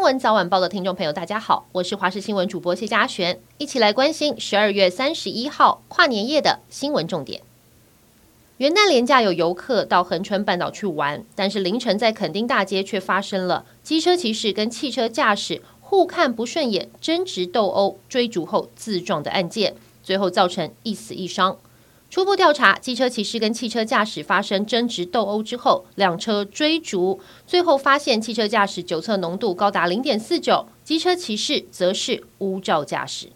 《新聞早晚報》的聽眾朋友，大家好，我是華視新聞主播謝家璇，一起來關心十二月三十一號跨年夜的新聞重點。元旦連假有遊客到恆春半島去玩，但是凌晨在墾丁大街卻發生了機車騎士跟汽車駕駛互看不順眼、爭執鬥毆、追逐後自撞的案件，最後造成一死一傷。初步調查，機車騎士跟汽車駕駛發生爭執鬥毆之後，兩車追逐，最後發現汽車駕駛酒測濃度高達零點四九，機車騎士則是無照駕駛。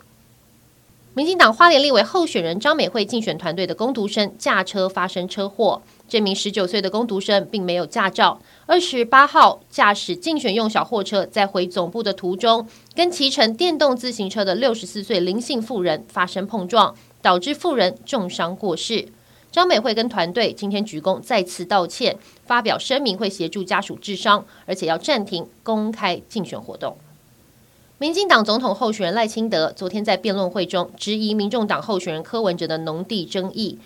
民進黨花蓮立委候選人張美慧競選團隊的工讀生駕車發生車禍，這名十九歲的工讀生並沒有駕照。二十八號駕駛競選用小貨車在回總部的途中，跟騎乘電動自行車的六十四歲林姓婦人發生碰撞。導致婦人重傷過世，張美慧跟團隊今天鞠躬再次道歉，發表聲明會協助家屬治傷，而且要暫停公開競選活動。民進黨總統候選人賴清德昨天在辯論會中質疑民眾黨候選人柯文哲的農地爭議，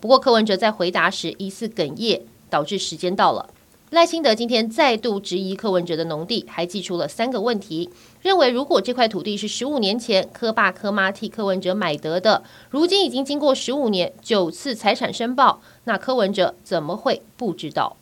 不過柯文哲在回答時疑似哽咽，導致時間到了。賴清德今天再度質疑柯文哲的農地，還提出了三個問題，認為如果這塊土地是十五年前柯爸柯媽替柯文哲買得的，如今已經經過十五年九次財產申報，那柯文哲怎麼會不知道？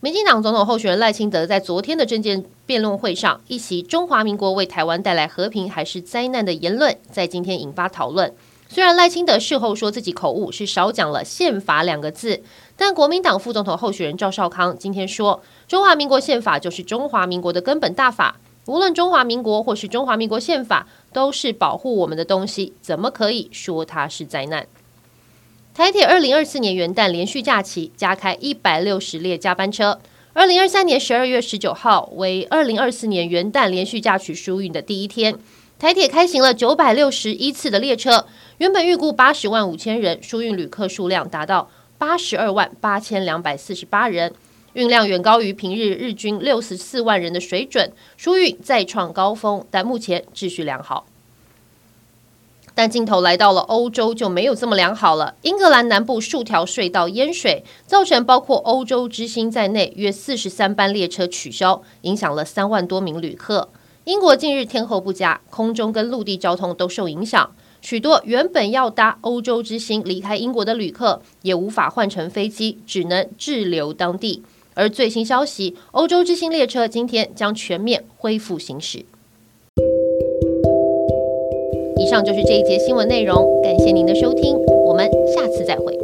民進黨總統候選人賴清德在昨天的政見辯論會上，一席“中華民國為台灣帶來和平還是災難”的言論，在今天引發討論。雖然賴清德事後說自己口誤是少講了“憲法”兩個字，但國民黨副總統候選人趙少康今天說：“中華民國憲法就是中華民國的根本大法，無論中華民國或是中華民國憲法，都是保護我們的東西，怎麼可以說它是災難？”台鐵二零二四年元旦連續假期加開一百六十列加班車，二零二三年十二月十九號為二零二四年元旦連續假期疏運的第一天。台鐵開行了九百六十一次的列車，原本預估八十萬五千人，疏運旅客數量達到八十二萬八千兩百四十八人，運量遠高於平日日均六十四萬人的水準，疏運再創高峰，但目前秩序良好。但鏡頭來到了歐洲，就沒有這麼良好了。英格蘭南部數條隧道淹水，造成包括歐洲之星在內約四十三班列車取消，影響了三萬多名旅客。英國近日天候不佳，空中跟陸地交通都受影響，許多原本要搭歐洲之星離開英國的旅客也無法換乘飛機，只能滯留當地。而最新消息，歐洲之星列車今天將全面恢復行駛。以上就是這一節新聞內容，感謝您的收聽，我們下次再會。